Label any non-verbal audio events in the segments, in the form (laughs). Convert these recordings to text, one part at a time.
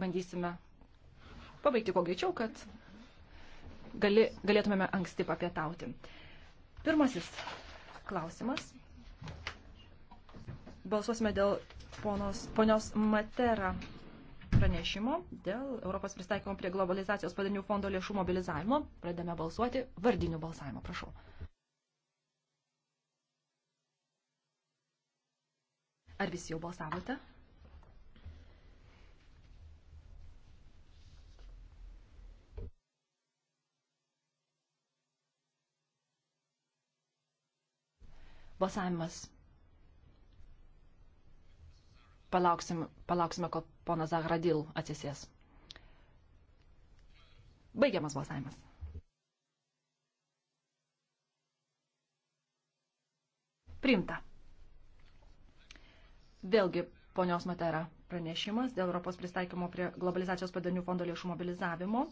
bandysime pabaigti kuo greičiau, kad gali, galėtumėme anksti papietauti. Pirmasis klausimas. Balsuosime dėl ponos, ponios Matera pranešimo dėl Europos pristaikymo prie globalizacijos padarinių fondo lėšų mobilizavimo. Pradėme balsuoti vardinių balsavimo, prašau. Ar visi jau balsavote? Balsavimas. Palauksim, palauksime, kol ponas Zagradil atsisės. Baigiamas balsavimas. Priimta. Vėlgi, ponios Matera pranešimas dėl Europos pristaikymo prie globalizacijos padalinių fondo lėšų mobilizavimo.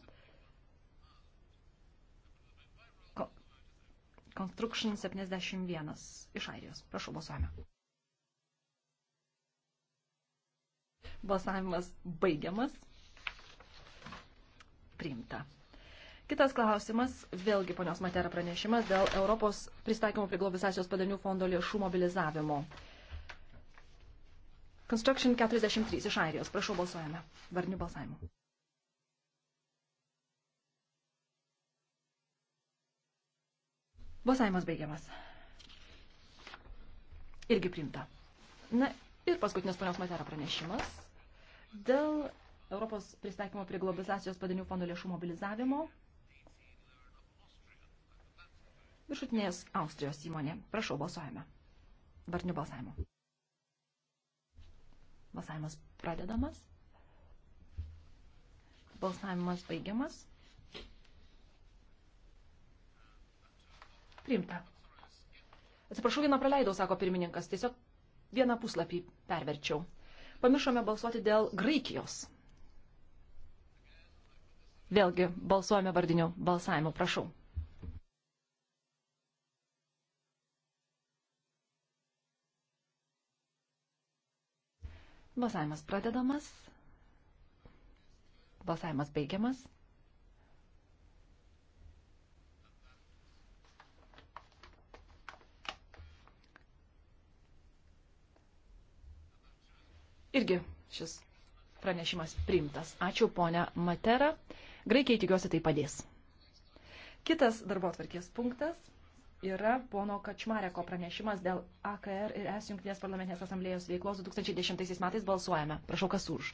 Construction 71 iš Airijos. Prašau, balsuojame. Balsavimas baigiamas. Priimta. Kitas klausimas, vėlgi ponios Matera pranešimas dėl Europos pristaikymo prie globalizacijos padalinių fondo lėšų mobilizavimo. Construction 43 iš Airijos. Prašau balsuojame. Varnių balsavimu. Balsavimas baigiamas. Irgi priimta. Na ir paskutinis ponios Matera pranešimas dėl Europos pristaikymo prie globalizacijos padinių fondo lėšų mobilizavimo viršutinės Austrijos įmonė. Prašau, balsuojame. Varnių balsavimo. Balsavimas pradedamas. Balsavimas baigiamas. Priimta. Atsiprašau, vieną praleidau, sako pirmininkas. Tiesiog vieną puslapį perverčiau. Pamiršome balsuoti dėl Graikijos. Vėlgi balsuojame vardiniu balsavimu. Prašau. Balsavimas pradedamas. Balsavimas baigiamas. irgi šis pranešimas priimtas. Ačiū, ponia Matera. Graikiai tikiuosi tai padės. Kitas darbo atvarkės punktas yra pono Kačmareko pranešimas dėl AKR ir ES Junktinės parlamentinės asamblėjos veiklos 2010 metais balsuojame. Prašau, kas už.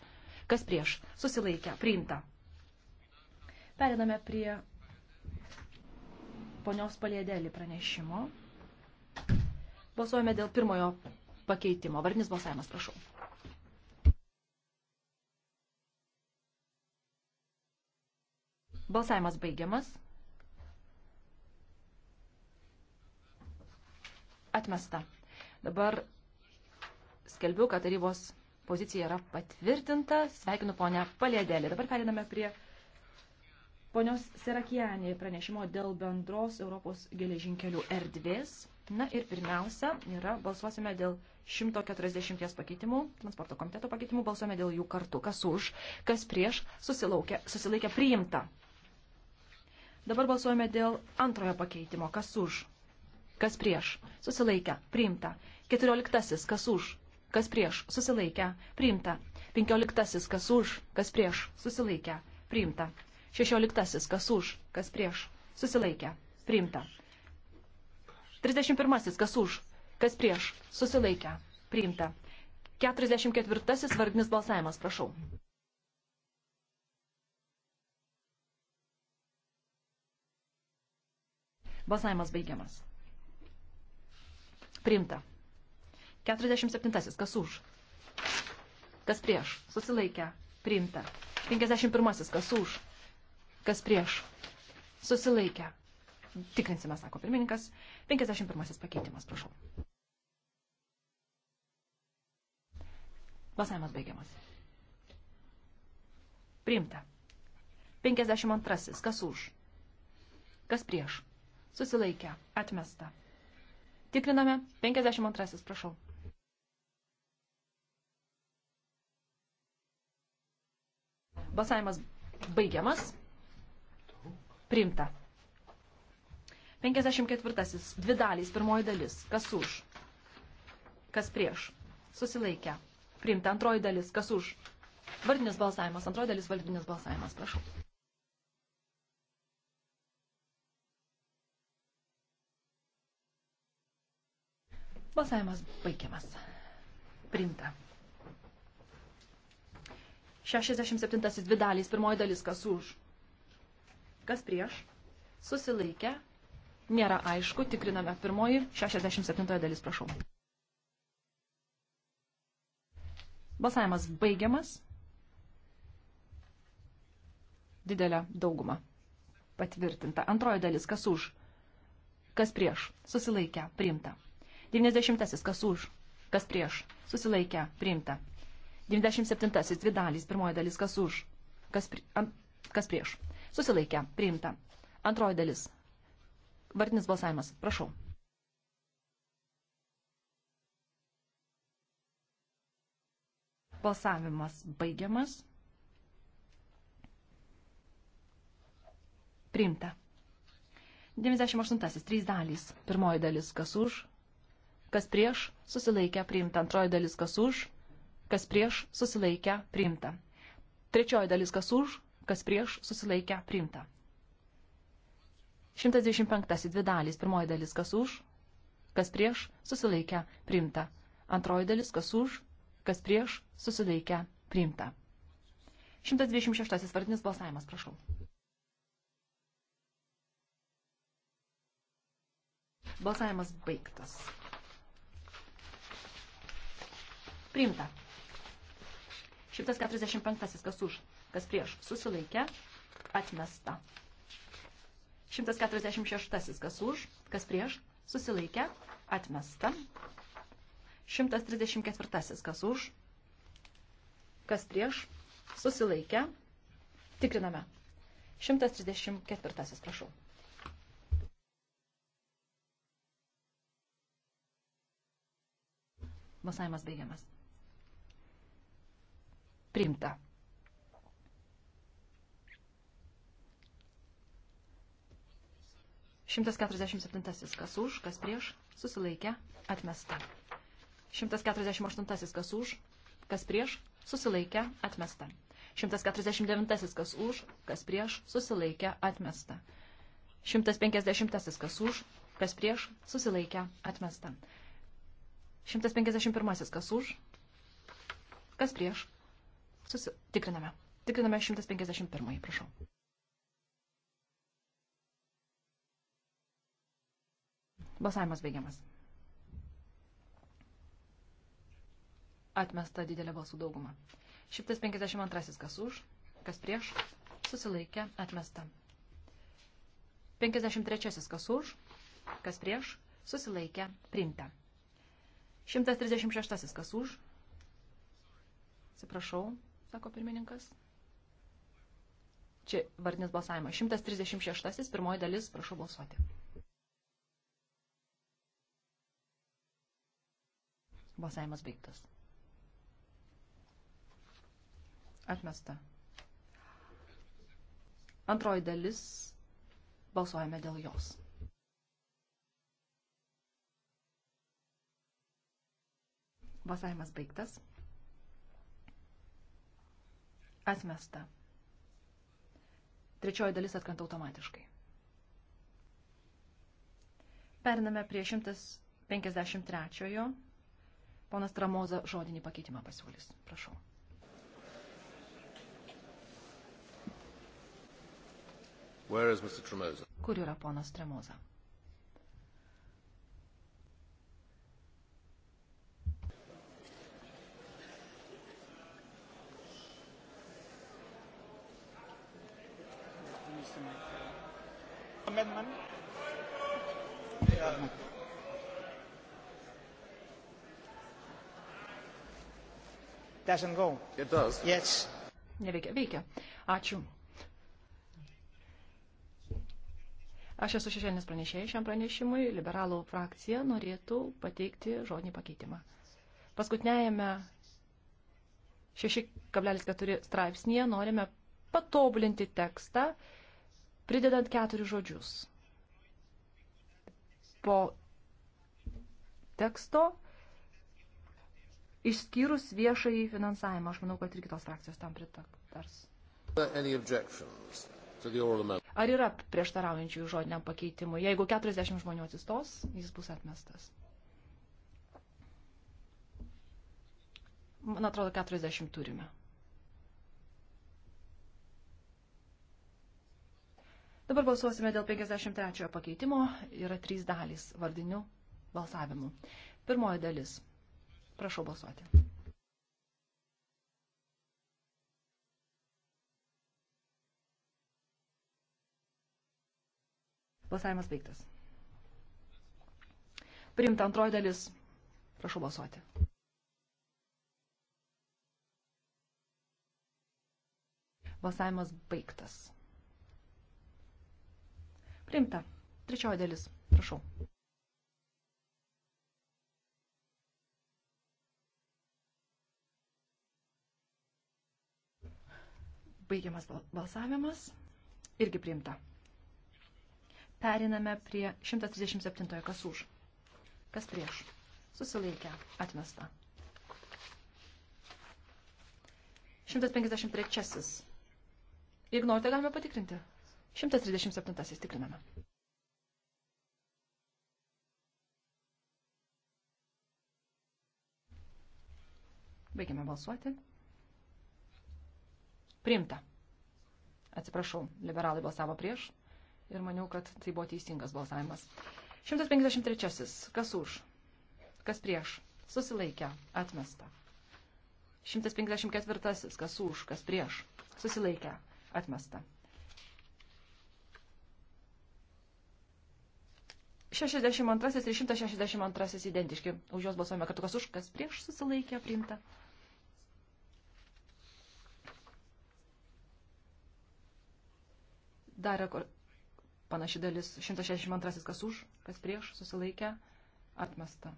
Kas prieš? Susilaikę. Priimta. Periname prie ponios palėdėlį pranešimo. Balsuojame dėl pirmojo pakeitimo. Vardinis balsavimas, prašau. Balsavimas baigiamas. Atmesta. Dabar skelbiu, kad tarybos pozicija yra patvirtinta. Sveikinu ponę Palėdėlį. Dabar periname prie ponios Serakijanį pranešimo dėl bendros Europos geležinkelių erdvės. Na ir pirmiausia, yra, balsuosime dėl 140 pakeitimų, transporto komiteto pakeitimų, balsuosime dėl jų kartu, kas už, kas prieš, susilaikė priimta. Dabar balsuojame dėl antrojo pakeitimo. Kas už? Kas prieš? Susilaikę. Priimta. Keturioliktasis. Kas už? Kas prieš? Susilaikę. Priimta. Penkioliktasis. Kas už? Kas prieš? Susilaikę. Priimta. Šešioliktasis. Kas už? Kas prieš? Susilaikę. Priimta. Trisdešimt pirmasis. Kas už? Kas prieš? Susilaikę. Priimta. Keturiasdešimt ketvirtasis vardinis balsavimas. Prašau. Balsavimas baigiamas. Priimta. 47. Kas už? Kas prieš? Susilaikę. Priimta. 51. Kas už? Kas prieš? Susilaikę. Tikrinsime, sako pirmininkas. 51. pakeitimas, prašau. Balsavimas baigiamas. Priimta. 52. Kas už? Kas prieš? susilaikę, atmesta. Tikriname 52, prašau. Balsavimas baigiamas. Priimta. 54. Dvi dalys, pirmoji dalis. Kas už? Kas prieš? Susilaikę. Priimta antroji dalis. Kas už? Vardinis balsavimas. Antroji dalis vardinis balsavimas. Prašau. Balsavimas baigiamas. Priimta. 67 dvi dalys, pirmoji dalis, kas už, kas prieš, susilaikę, nėra aišku, tikriname pirmoji, 67 dalis, prašau. Balsavimas baigiamas, didelė dauguma, patvirtinta. Antroji dalis, kas už, kas prieš, susilaikę, priimta. 90. Kas už? Kas prieš? Susilaikę. Priimta. 97. Dvi dalys. Pirmoji dalis. Kas už? Kas, pri... An... kas prieš? Susilaikę. Priimta. Antroji dalis. Vartinis balsavimas. Prašau. Balsavimas baigiamas. Priimta. 98. Trys dalys. Pirmoji dalis. Kas už? kas prieš, susilaikę priimta. Antroji dalis kas už, kas prieš, susilaikę priimta. Trečioji dalis kas už, kas prieš, susilaikę priimta. 125. Dvi dalys. Pirmoji dalis kas už, kas prieš, susilaikę priimta. Antroji dalis kas už, kas prieš, susilaikę priimta. 126. Vardinis balsavimas, prašau. Balsavimas baigtas. Priimta. 145. Kas už, kas prieš, susilaikė, atmesta. 146. Kas už, kas prieš, susilaikė, atmesta. 134. Kas už, kas prieš, susilaikė, tikriname. 134. Prašau. Balsavimas baigiamas. Primta. Šimtas keturiasdešimt septintasis kas už, kas prieš, susilaikė, atmesta. Šimtas keturiasdešimt aštuntasis kas už, kas prieš, susilaikė, atmesta. 149 kas už, kas prieš, susilaikė, atmesta. 150 kas už, kas prieš, susilaikė, atmesta. 151 kas už, kas prieš, Susitikriname. Tikriname 151, prašau. Balsavimas baigiamas. Atmesta didelė balsų dauguma. 152 kas už, kas prieš, susilaikė, atmesta. 53 kas už, kas prieš, susilaikė, priimta. 136 kas už, atsiprašau, sako pirmininkas. Čia vardinis balsavimas. 136, pirmoji dalis, prašau balsuoti. Balsavimas baigtas. Atmesta. Antroji dalis, balsuojame dėl jos. Balsavimas baigtas. Atmesta. Trečioji dalis atkrenta automatiškai. Pername prie 153-ojo. Ponas Tramoza žodinį pakeitimą pasiūlys. Prašau. Kur yra ponas Tremoza? doesn't go. It does. Yes. Neveikia, veikia. Ačiū. Aš esu šešėlinis pranešėjas šiam pranešimui. Liberalų frakcija norėtų pateikti žodinį pakeitimą. Paskutiniajame 6,4 straipsnėje norime patobulinti tekstą, pridedant keturis žodžius. Po teksto išskyrus viešai finansavimą. Aš manau, kad ir kitos frakcijos tam pritars. Ar yra prieštaraujančių žodiniam pakeitimui? Jeigu 40 žmonių atsistos, jis bus atmestas. Man atrodo, 40 turime. Dabar balsuosime dėl 53 pakeitimo. Yra trys dalys vardinių balsavimų. Pirmoji dalis – Prašau balsuoti. Balsavimas baigtas. Priimta antroji dalis. Prašau balsuoti. Balsavimas baigtas. Priimta. Trečioji dalis. Prašau. Baigiamas balsavimas. Irgi priimta. Periname prie 137 kas už. Kas prieš. Susilaikę. Atmesta. 153. Jeigu norite, galime patikrinti. 137 tikriname. Baigiame balsuoti. Priimta. Atsiprašau, liberalai balsavo prieš ir maniau, kad tai buvo teisingas balsavimas. 153. Kas už? Kas prieš? Susilaikę. Atmesta. 154. Kas už? Kas prieš? Susilaikę. Atmesta. 62 ir 162 identiški. Už juos balsuojame kartu, kas už, kas prieš susilaikė, priimta. Dar panaši dalis 162 kas už, kas prieš, susilaikę, atmesta.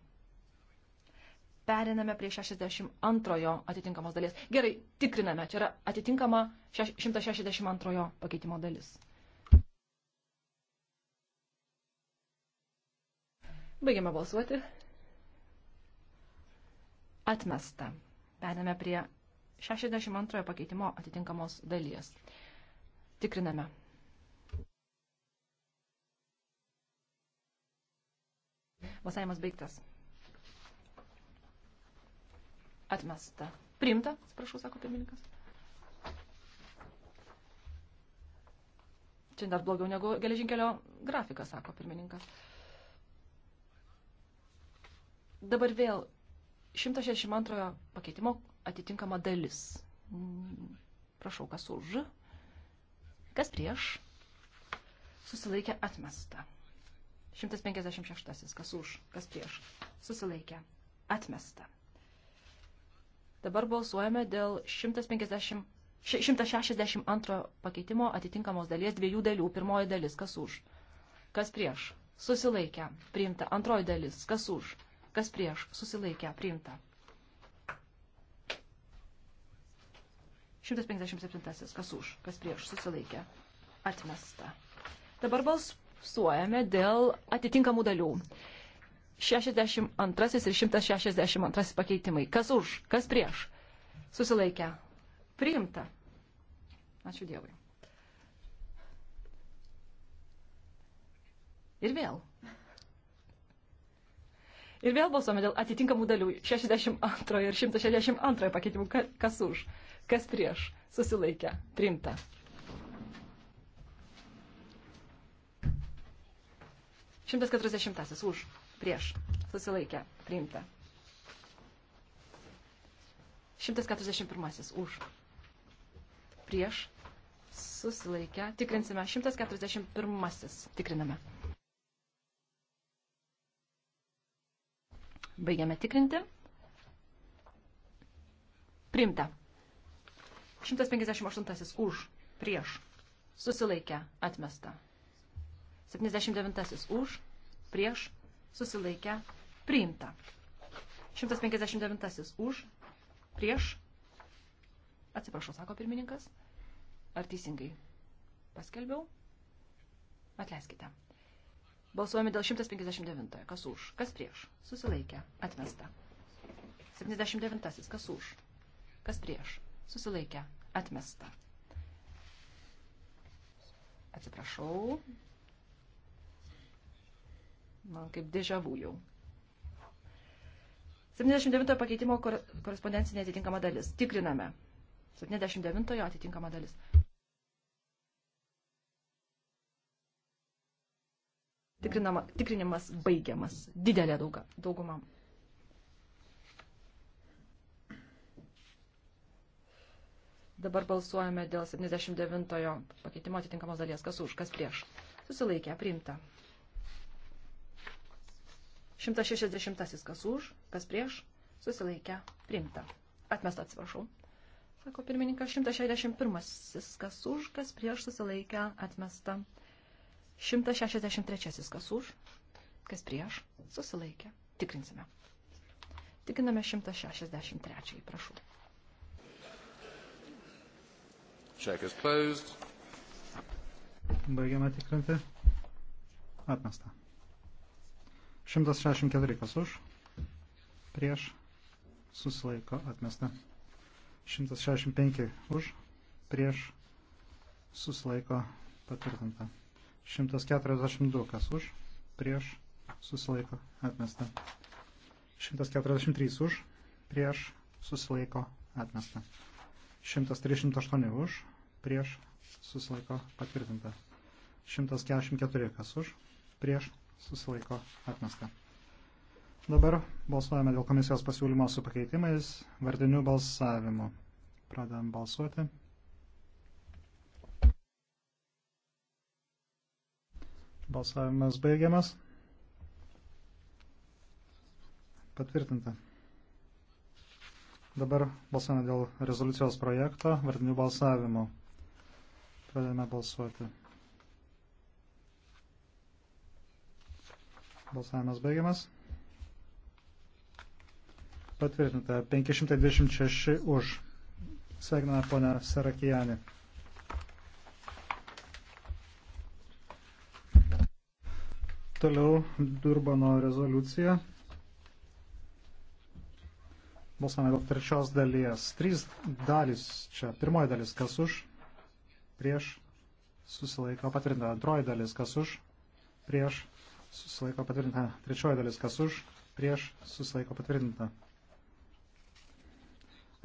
Periname prie 62 atitinkamos dalies. Gerai, tikriname, čia yra atitinkama 162 pakeitimo dalis. Baigiame balsuoti. Atmesta. Periname prie 62 pakeitimo atitinkamos dalies. Tikriname. Balsavimas baigtas. Atmesta. Priimta, atsiprašau, sako pirmininkas. Čia dar blogiau negu geležinkelio grafikas, sako pirmininkas. Dabar vėl 162 pakeitimo atitinkama dalis. Mm, prašau, kas už, kas prieš, susilaikė atmesta. 156. Kas už, kas prieš. Susilaikė. Atmesta. Dabar balsuojame dėl 150, 162 pakeitimo atitinkamos dalies dviejų dalių. Pirmoji dalis. Kas už, kas prieš. Susilaikė. Priimta. Antroji dalis. Kas už, kas prieš. Susilaikė. Priimta. 157. Kas už, kas prieš. Susilaikė. Atmesta. Dabar balsuojame balsuojame dėl atitinkamų dalių. 62 ir 162 pakeitimai. Kas už, kas prieš? Susilaikę. Priimta. Ačiū Dievui. Ir vėl. Ir vėl balsuojame dėl atitinkamų dalių 62 ir 162 pakeitimų. Kas už, kas prieš? Susilaikę. Priimta. 140 už, prieš, susilaikę, priimta. 141 už, prieš, susilaikę, tikrinsime, 141 tikriname. Baigiame tikrinti. Primta. 158 už, prieš, susilaikę, atmesta. 79 už, prieš, susilaikę, priimta. 159 už, prieš, atsiprašau, sako pirmininkas, ar teisingai paskelbiau? Atleiskite. Balsuojame dėl 159. Kas už? Kas prieš? Susilaikę. Atmesta. 79. Kas už? Kas prieš? Susilaikę. Atmesta. Atsiprašau man kaip dėžavų jau. 79 pakeitimo kor korespondencinė atitinkama dalis. Tikriname. 79 atitinkama dalis. Tikrinama, tikrinimas baigiamas. Didelė dauga, dauguma. Dabar balsuojame dėl 79 pakeitimo atitinkamos dalies. Kas už, kas prieš. Susilaikė, priimta. 160 kas už, kas prieš, susilaikę, priimta. Atmesta, atsiprašau. Sako pirmininkas, 161 kas už, kas prieš, susilaikę, atmesta. 163 kas už, kas prieš, susilaikę. Tikrinsime. Tikiname 163, prašau. Check is closed. Baigiame tikrinti. Atmesta. 164 kas už, prieš, susilaiko atmesta. 165 už, prieš, susilaiko patvirtinta. 142 kas už, prieš, susilaiko atmesta. 143 už, prieš, susilaiko atmesta. 138 už, prieš, susilaiko patvirtinta. 144 kas už, prieš, susilaiko atmesta. Dabar balsuojame dėl komisijos pasiūlymo su pakeitimais, vardiniu balsavimu. Pradedam balsuoti. Balsavimas baigiamas. Patvirtinta. Dabar balsuojame dėl rezoliucijos projekto, vardinių balsavimų. Pradedame balsuoti. Balsavimas baigiamas. Patvirtinta 526 už. Sveikiname ponę Sarakijanį. Toliau Durbano rezoliucija. Balsame dėl trečios dalies. Trys dalys čia. Pirmoji dalis kas už, prieš, susilaiko patvirtinta. Antroji dalis kas už, prieš, susilaiko patvirtinta. Trečioji dalis, kas už, prieš, susilaiko patvirtinta.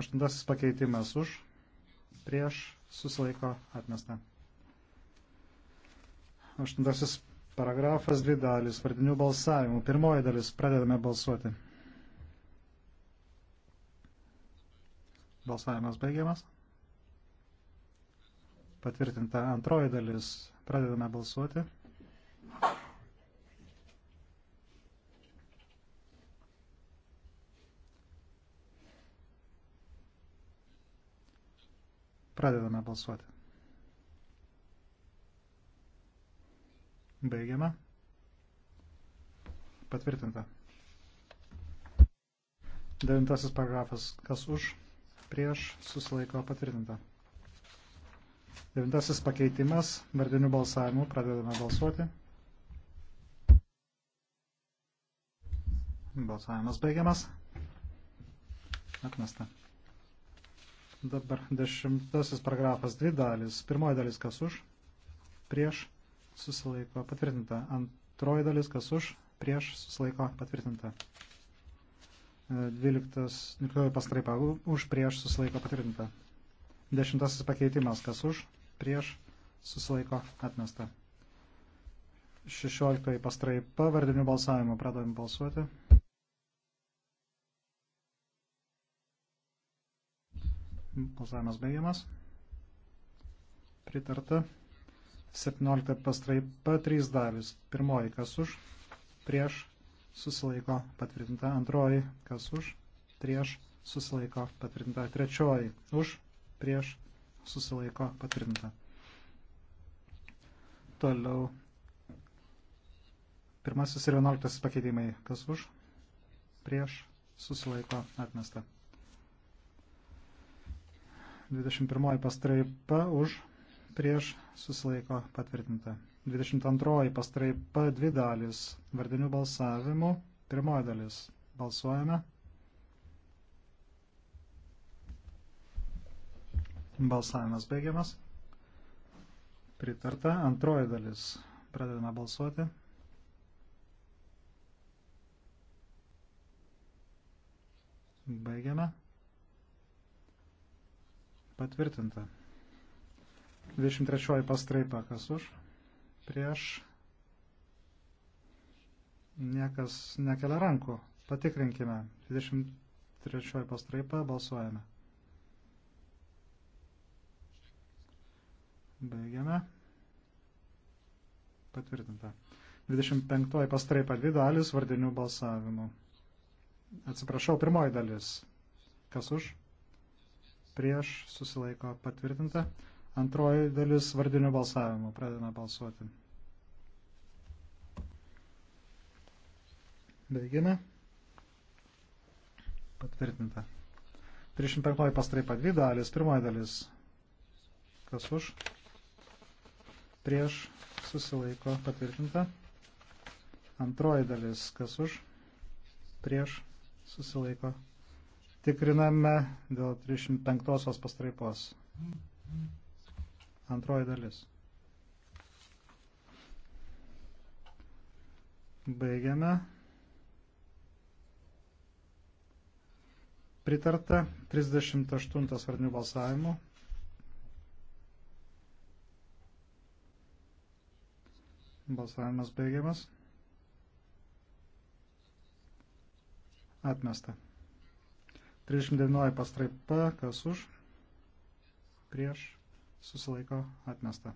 Aštuntasis pakeitimas už, prieš, susilaiko atmesta. Aštuntasis paragrafas, dvi dalis, vardinių balsavimų. Pirmoji dalis, pradedame balsuoti. Balsavimas baigiamas. Patvirtinta antroji dalis. Pradedame balsuoti. Pradedame balsuoti. Baigiame. Patvirtinta. Devintasis paragrafas. Kas už? Prieš susilaiko patvirtinta. Devintasis pakeitimas. Vardinių balsavimų. Pradedame balsuoti. Balsavimas baigiamas. Atmesta. Dabar dešimtasis paragrafas, dvi dalis. Pirmoji dalis, kas už, prieš, susilaiko, patvirtinta. Antroji dalis, kas už, prieš, susilaiko, patvirtinta. E, dvyliktas, pastraipa, už, prieš, susilaiko, patvirtinta. Dešimtasis pakeitimas, kas už, prieš, susilaiko, atmesta. Šešioliktoji pastraipa, vardinių balsavimų, pradavim balsuoti. Balsavimas baigiamas. Pritarta. 17 pastraipa 3 dalis. Pirmoji kas už, prieš susilaiko patvirtinta. Antroji kas už, prieš susilaiko patvirtinta. Trečioji už, prieš susilaiko patvirtinta. Toliau. Pirmasis ir vienuoliktasis pakeitimai. Kas už, prieš susilaiko atmesta. 21 pastraipa už prieš susilaiko patvirtinta. 22 pastraipa dvi dalis vardinių balsavimų. Pirmoji dalis. Balsuojame. Balsavimas baigiamas. Pritarta. Antroji dalis. Pradedame balsuoti. Baigiame. Patvirtinta. 23 pastraipa, kas už, prieš, niekas nekelia rankų. Patikrinkime. 23 pastraipa, balsuojame. Baigiame. Patvirtinta. 25 pastraipa, dvi dalis vardinių balsavimų. Atsiprašau, pirmoji dalis. Kas už? prieš, susilaiko patvirtinta. Antroji dalis vardinių balsavimų. Pradedame balsuoti. Baigime. Patvirtinta. 35 pastraipa dvi dalis. Pirmoji dalis. Kas už? Prieš susilaiko patvirtinta. Antroji dalis. Kas už? Prieš susilaiko patvirtinta Tikriname dėl 35 pastraipos. Antroji dalis. Baigiame. Pritarta 38 svarnių balsavimų. Balsavimas baigiamas. Atmesta. 39 pastraipa, kas už, prieš, susilaiko, atmesta.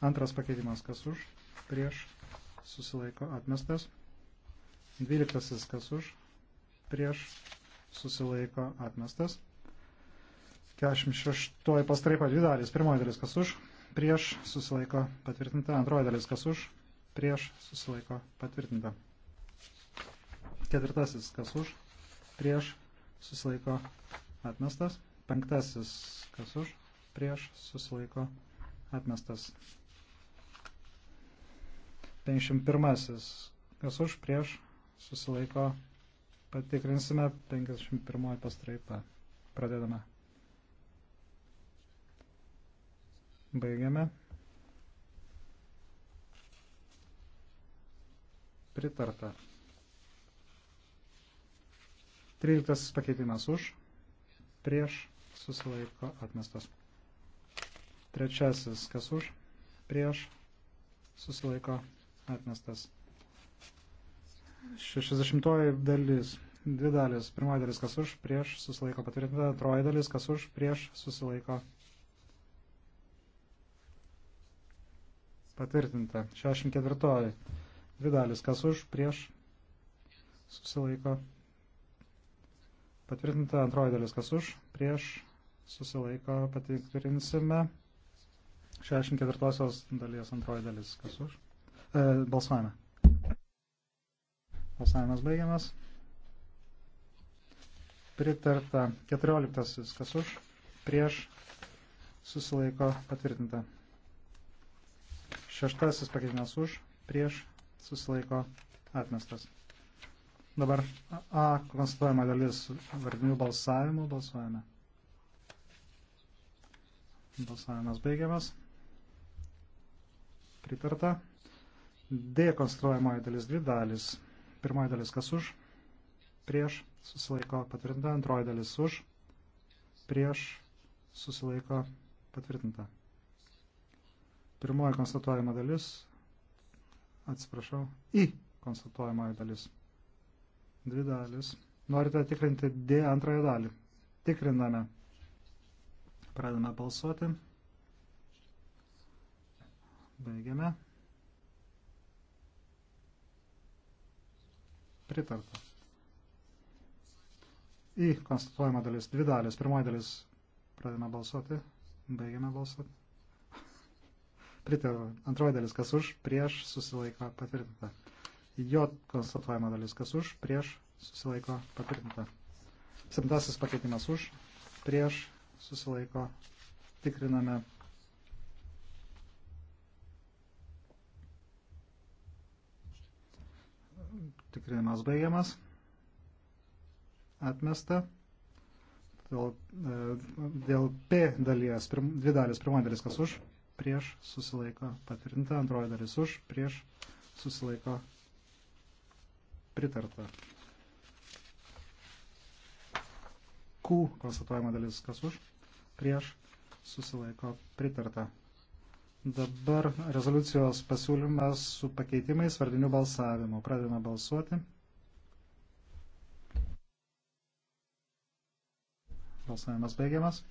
Antras pakeitimas, kas už, prieš, susilaiko, atmestas. Dvyliktasis, kas už, prieš, susilaiko, atmestas. 46 pastraipa, dvi dalys. Pirmoji dalis, kas už, prieš, susilaiko, patvirtinta. Antroji dalis, kas už, prieš, susilaiko, patvirtinta. Ketvirtasis, kas už, prieš, susilaiko, atmestas. Penktasis, kas už, prieš, susilaiko, atmestas. 51. Kas už, prieš, susilaiko, patikrinsime 51 pastraipą. Pradedame. Baigiame. Pritarta. 13 pakeitimas už, prieš, susilaiko atmestas. Trečiasis, kas už, prieš, susilaiko atmestas. 60 dalis, dvi dalis, pirmoji dalis, kas už, prieš, susilaiko patvirtinta, antroji dalis, kas už, prieš, susilaiko patvirtinta. 64 dvi dalis, kas už, prieš, susilaiko atmestas Patvirtinta antroji dalis, kas už, prieš, susilaiko, patikrinsime. 64 dalies antroji dalis, kas už. E, balsuojame. Balsavimas baigiamas. Pritarta 14, kas už, prieš, susilaiko, patvirtinta. Šeštasis pakeitimas už, prieš, susilaiko, atmestas. Dabar A konstatuojama dalis vardinių balsavimų. Balsuojame. Balsavimas baigiamas. Pritarta. D konstruojamoji dalis dvi dalis. Pirmoji dalis kas už, prieš, susilaiko patvirtinta. Antroji dalis už, prieš, susilaiko patvirtinta. Pirmoji konstatuojama dalis, atsiprašau, į konstatuojamoji dalis. Dvi dalis. Norite tikrinti D antrąją dalį. Tikriname. Pradame balsuoti. Baigiame. Pritarta. Į konstatuojama dalis. Dvi dalis. Pirmoji dalis. Pradame balsuoti. Baigiame balsuoti. (laughs) Pritariu. Antroji dalis. Kas už? Prieš susilaiko patvirtinta. Jo konstatuojama dalis, kas už, prieš, susilaiko, patvirtinta. Septintasis pakeitimas už, prieš, susilaiko, tikriname. Tikrinimas baigiamas. Atmesta. Dėl, e, dėl P dalies, pirm, dvi dalis, pirmoji dalis kas už, prieš, susilaiko, patvirtinta, antroji dalis už, prieš, susilaiko, patvirtinta pritarta. Q konstatuojama dalis kas už, prieš, susilaiko pritarta. Dabar rezoliucijos pasiūlymas su pakeitimais vardiniu balsavimu. Pradedame balsuoti. Balsavimas baigiamas.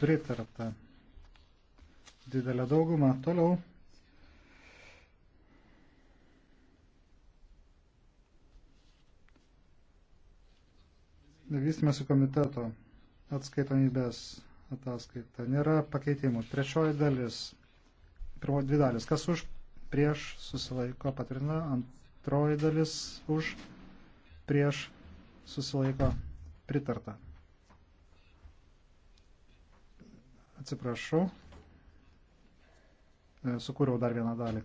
Pritarta. Didelė dauguma. Toliau. vystimėsi komiteto atskaitomybės ataskaita. Nėra pakeitimų. Trečioji dalis. Pirmo dvi dalis. Kas už, prieš, susilaiko, patvirtina. Antroji dalis už, prieš, susilaiko, pritarta. Atsiprašau. E, sukūriau dar vieną dalį.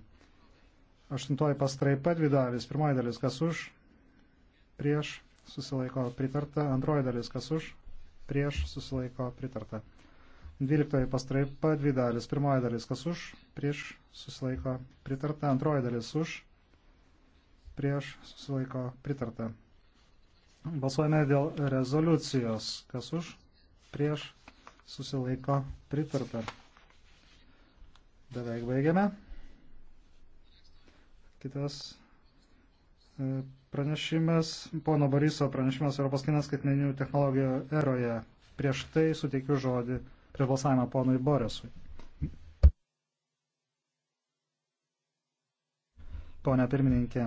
Aštuntoji pastraipa, dvi dalis. Pirmoji dalis. Kas už, prieš, susilaiko pritarta. Antroji dalis, kas už, prieš, susilaiko pritarta. Dvyliktoji pastraipa, dvi dalis. Pirmoji dalis, kas už, prieš, susilaiko pritarta. Antroji dalis už, prieš, susilaiko pritarta. Balsuojame dėl rezoliucijos, kas už, prieš, susilaiko pritarta. Beveik baigiame. Kitas pranešimas, pono Boriso pranešimas Europos kinas skaitmeninių technologijų eroje. Prieš tai suteikiu žodį prie balsavimą ponui Borisui. Pone pirmininkė.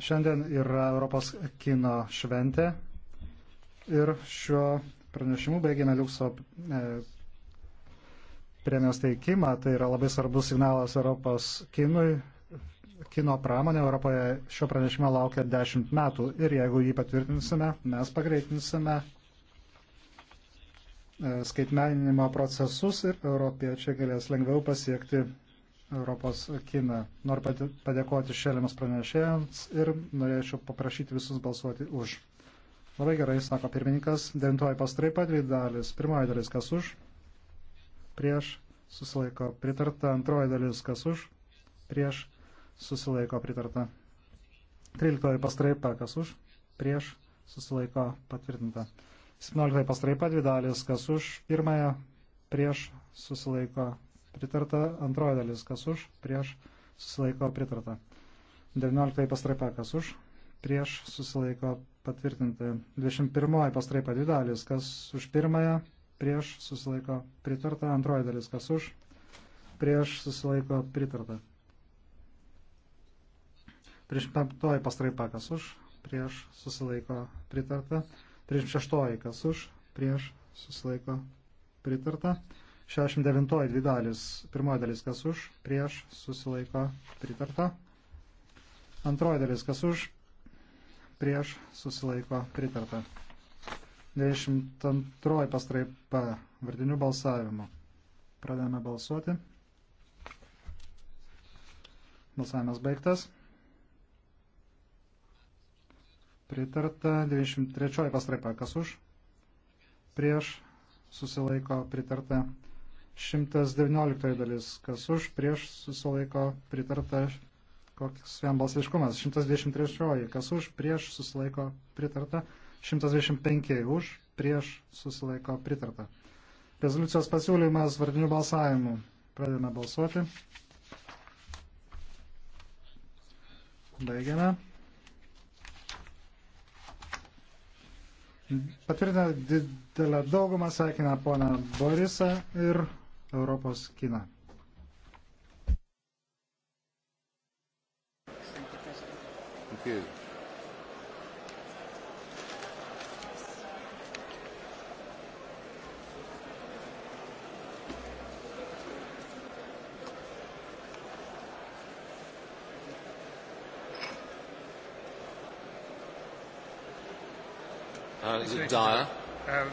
Šiandien yra Europos kino šventė ir šiuo pranešimu baigėme Liukso e, premijos teikimą. Tai yra labai svarbus signalas Europos kinui. Kino pramonė Europoje šio pranešimo laukia 10 metų ir jeigu jį patvirtinsime, mes pagreitinsime e, skaitmeninimo procesus ir europiečiai galės lengviau pasiekti Europos kiną. Noriu padėkoti šėlėms pranešėjams ir norėčiau paprašyti visus balsuoti už. Labai gerai, sako pirmininkas. Devintoji pastraipa, dvi dalis. Pirmoji dalis, kas už? prieš, susilaiko pritarta. Antroji dalis, kas už, prieš, susilaiko pritarta. Tryliktoji pastraipa, kas už, prieš, susilaiko patvirtinta. Septynioliktoji pastraipa, dvi dalis, kas už, pirmąją, prieš, susilaiko pritarta. Antroji dalis, kas už, prieš, susilaiko pritarta. Devynioliktoji pastraipa, kas už, prieš, susilaiko patvirtinta. Dvidešimt pirmoji pastraipa, dvi dalis, kas už pirmąją, prieš susilaiko pritarta, antroji dalis kas už, prieš susilaiko pritarta. Prieš penktoji pastraipa kas už, prieš susilaiko pritarta, prieš šeštoji kas už, prieš susilaiko pritarta, 69 dvi dalis, pirmoji dalis kas už, prieš susilaiko pritarta, antroji dalis kas už, prieš susilaiko pritarta. 22 pastraipa vardinių balsavimų. Pradėjome balsuoti. Balsavimas baigtas. Pritarta 23 pastraipa. Kas už? Prieš susilaiko pritarta 119 dalis. Kas už? Prieš susilaiko pritarta koks vienbalsiškumas. 123. Kas už? Prieš susilaiko pritarta 125 už, prieš, susilaiko pritarta. Rezoliucijos pasiūlymas vardinių balsavimų. Pradedame balsuoti. Baigiame. Patvirtina didelę daugumą, sveikina poną Borisą ir Europos kiną. Thank you. Uh, is it Dyer? Um,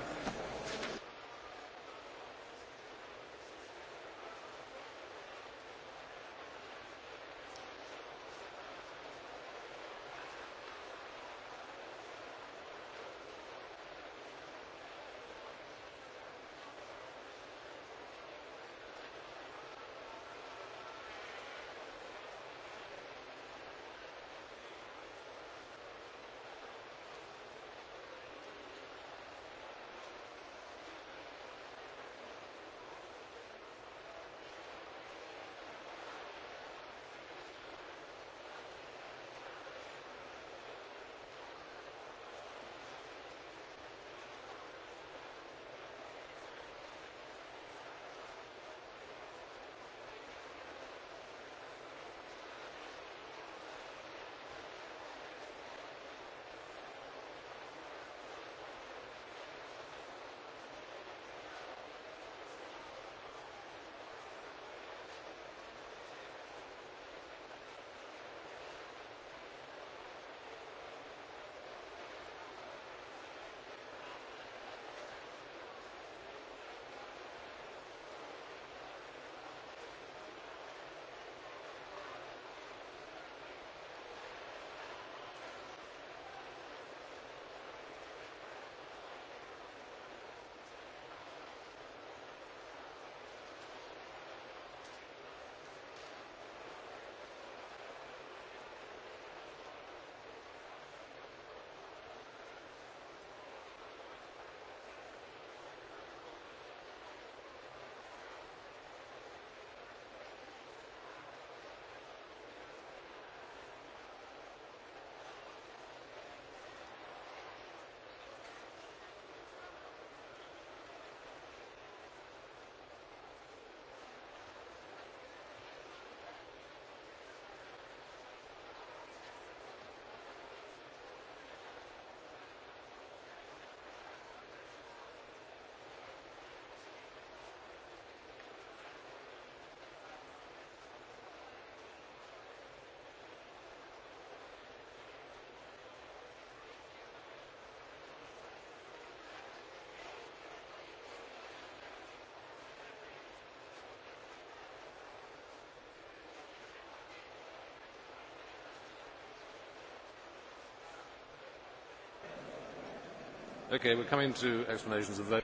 Okay,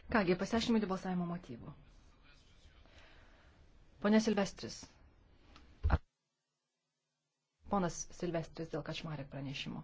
Kągi, pasiaiškinimai dėl balsavimo motyvų. Pone Silvestris. Ponas Silvestris dėl Kačmarek pranešimo.